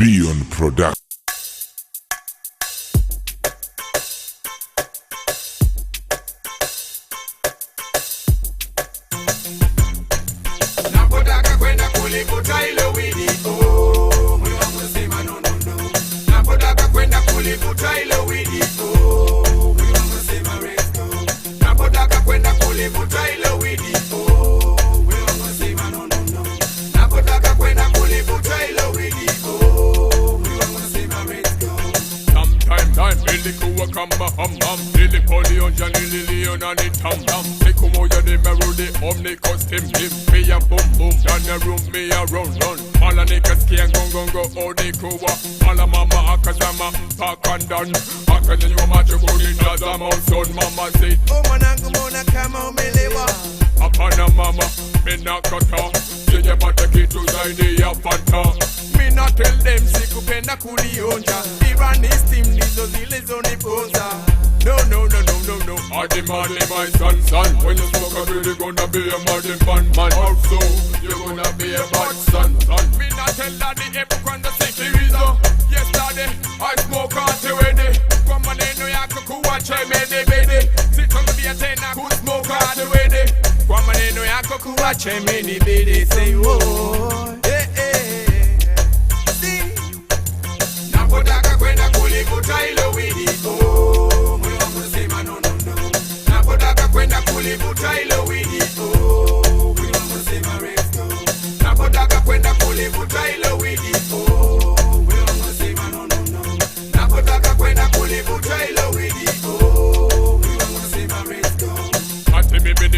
Beyond Production. kulivuta ile wini kamba ham ham Lili Polion, Johnny Lillion the it tam tam come um oya the marrow, the omni custom him Me a boom boom, down the room me a run run All a niggas can go go go, oh they kowa All a mama akazama, park and done Akazin yo macho go, the jazz I'm out son Mama say, oh man, I'm gonna come on. a mama, me not cut off Yeye yeah, mataki tuzaidi ya fata Me not tell them sikupenda kulionja Ivanis team ndizo zile Posa. No, no, no, no, no, no Hardy man, my son, son When you smoke a out, you're gonna be a modern fun man Also, you're gonna be a bad son, son Me not tell that the yako kuacha imenibidi eh, eh. napotaka kwenda kulivuta hilo wini napotaka kwenda kulivuta hilo wini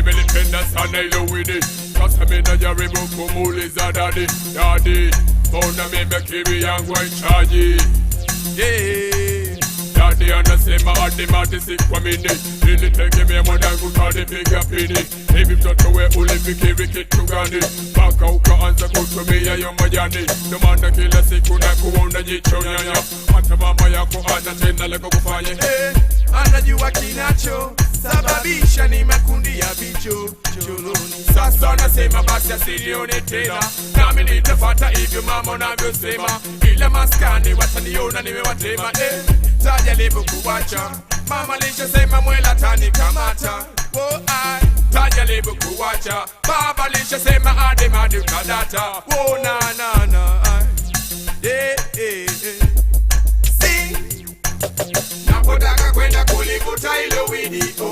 me the tenders and I you with it. Cause I'm in a jerry book, Mumuli's a daddy, daddy. Found a me, me kiwi and charge Yeah. Daddy and the same, I had the matty sick for me. Really take me a mother and go the big up If you talk away, only if you carry it to Gandhi. Back out, answer go to me, I am my yanni. The man that kill a sick, could I go on the jicho, yeah, yeah. Anta mama yako, ana tena lego kufanye. Eh, anajua kinacho, sababisha ni makundi Bicho, sasa nasema basi asilione tena, nami nitafata hivyo mama unavyosema, ila maskani wataniona nimewatema. Eh, taja livyokuwacha mama lishasema mwela tanikamata oh, taja livyokuwacha baba lishasema ademadi ukadata oh, na, na, na, eh, eh, eh. Si napotaka kwenda kulivuta ilo widi oh.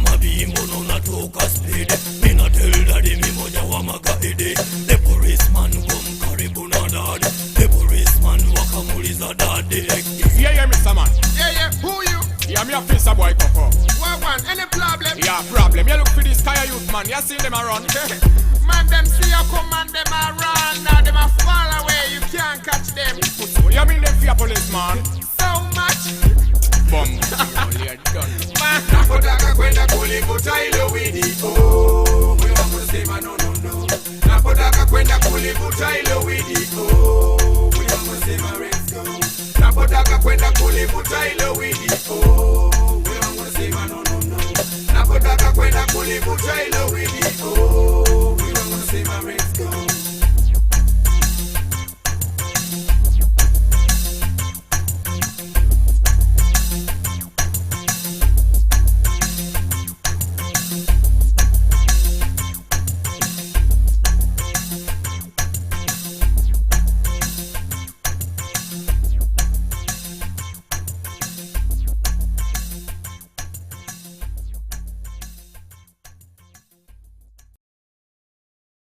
no daddy. Yeah, yeah, Mr. Man. Yeah, yeah, who you? Yeah, me a face a boy coco. What one? Any problem? Yeah, problem. You look for this tire youth man. You see them around. man, them see you come and them a run. Now them a fall away. You can't catch them. you mean them fear police, man? So much. Bum. Oh, oh, we kulivuta ilo winiko moyo no no no, no, put Napotaka kwenda kulivuta ilo oh. kwenda kulivuta ile wigi oh.